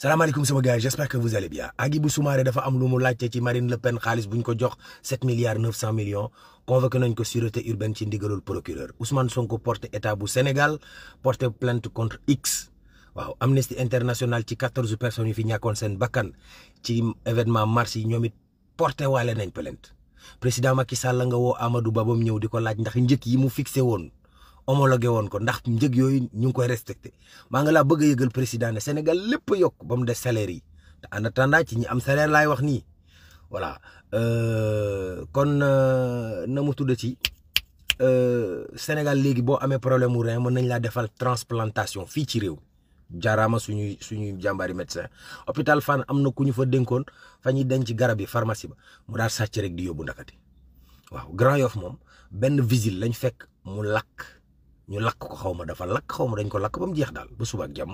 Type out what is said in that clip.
salaamaaleykum sama gars yi que vous allez bien Hadjibou Soumaré dafa am lu mu laajte ci Marine Le Pen xaalis bu ñu ko jox 7 milliards 900 millions convoqué nañ ko sûreté urbaine ci ndigalul procureur Ousmane Sonko porte état bu Sénégal porte plainte contre X waaw Amnesty International ci 14 personnes yu fi ñàkkoon seen bakkan ci événement mars yi ñoom it porté waale nañ plainte président Macky salla nga woo amadu Ba ba bam ñëw di ko laaj ndax njëkk yi mu fixé woon homologué woon ko ndax njëg yooyu ñu ngi koy respecté maa nga laa bëgg a yëgal président ne Sénégal lépp a yokk ba mu des salaire yi te en attendant ci ñi am salaire laay wax ni voilà euh, kon euh, na mu tudd ci euh, Sénégal léegi boo amee problème wu rein mën nañ laa defal transplantation fii ci réew jaaraama suñuy suñuy jàmbaari médecin hôpital Fann am na ku ñu fa dénkoon fa ñuy denc garab yi pharmacie ba mu daal sàcc rek di yóbbu ndakati waaw Grand Yoff moom benn ñu lakk ko xaw ma dafa lakk xaw ma dañ ko lakk ba mu jeex daal ba suba ak